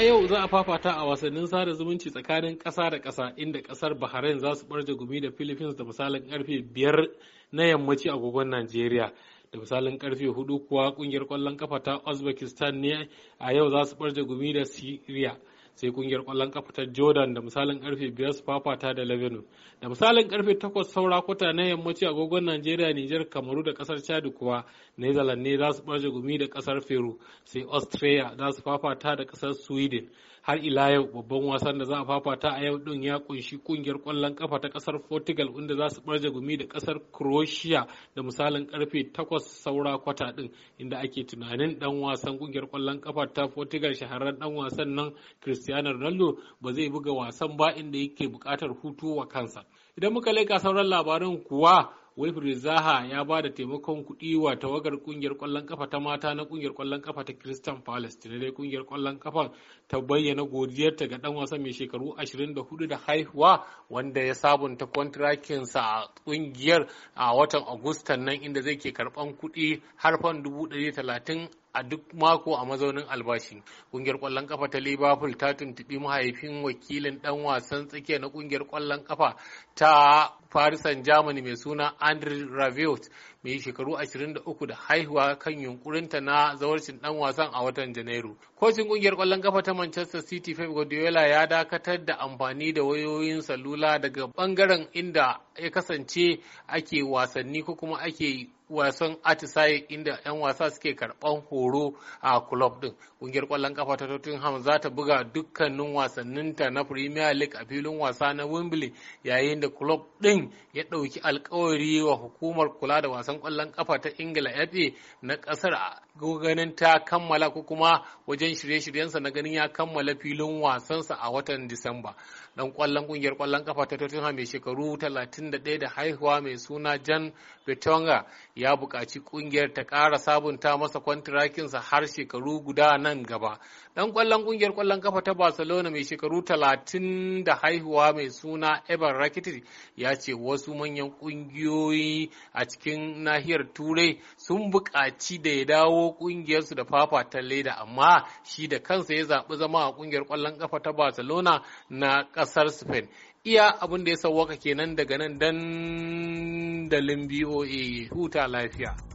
a yau za a fafata a wasannin sada zumunci tsakanin ƙasa da kasa inda ƙasar Bahrain za su barje gumi da Philippines da misalin karfe biyar na yammaci a agogon Najeriya. Da misalin karfe hudu kuwa kungiyar kwallon kafa ta Uzbekistan ne a yau za su barje gumi da Syria. sai kungiyar kwallon kafa ta jordan da misalin karfe biyar su fafata da lebanon da misalin karfe takwas saura kwata na yammaci agogon nigeria niger kamaru da kasar chad kuwa netherlands ne za su barje gumi da kasar peru sai australia za su fafata da kasar sweden har ila yau babban wasan da za a fafata a yau din ya kunshi kungiyar kwallon kafa ta kasar Portugal inda za su barje gumi da kasar Croatia da misalin karfe 8 saura kwata din inda ake tunanin dan wasan kungiyar kwallon kafa ta Portugal shahararren dan wasan nan Cristiano Ronaldo ba zai buga wasan ba inda yake bukatar hutu wa kansa idan muka leka sauran labarin kuwa wilfred zaha ya ba da taimakon kuɗi wa tawagar ƙungiyar ƙwallon kafa ta mata na ƙungiyar ƙwallon kafa ta christian palace dai ƙungiyar ƙwallon kafa ta bayyana godiyarta ga ɗan wasan mai shekaru 24 da haihuwa wanda ya sabunta kwantirakinsa a ƙungiyar a watan agustan nan inda zai ke karɓan kuɗi har fan a duk mako a mazaunin albashi kungiyar kwallon kafa ta liverpool ta tuntubi mahaifin wakilin dan wasan tsakiya na kungiyar kwallon kafa ta farisan germany mai suna andre raviot mai shekaru 23 da haihuwa kan yunkurinta na zawarcin dan wasan a watan janairu kocin kungiyar kwallon kafa ta manchester city pep guardiola ya dakatar da amfani da wayoyin salula daga bangaren inda ya kasance ake wasanni ko kuma ake wasan atisaye inda 'yan wasa suke karban horo a club din kungiyar kwallon kafa ta tottenham za ta buga dukkanin wasanninta na premier league a filin wasa na wembley yayin da club din ya ɗauki alkawari wa hukumar kula da wasan kwallon kafa ta ingila fa na ƙasar ganin ta kammala ko kuma wajen shirye-shiryensa na ganin ya kammala filin wasansa a watan disamba dan kwallon kungiyar kwallon kafa ta tottenham mai shekaru 31 da haihuwa mai suna jan betonga ya buƙaci ƙungiyar ta ƙara sabunta masa kwantirakinsa har shekaru guda nan gaba. Ɗan ƙwallon ƙungiyar ƙwallon kafa ta Barcelona mai shekaru talatin da haihuwa mai suna Evan Rakitic ya ce wasu manyan ƙungiyoyi a cikin nahiyar Turai sun buƙaci da ya dawo ƙungiyarsu da ta leda amma shi da kansa ya zaɓi zama a ƙungiyar ƙwallon kafa ta Barcelona na ƙasar Spain. Iya abin da ya sauwaka kenan daga nan dan dandalin BOA huta lafiya.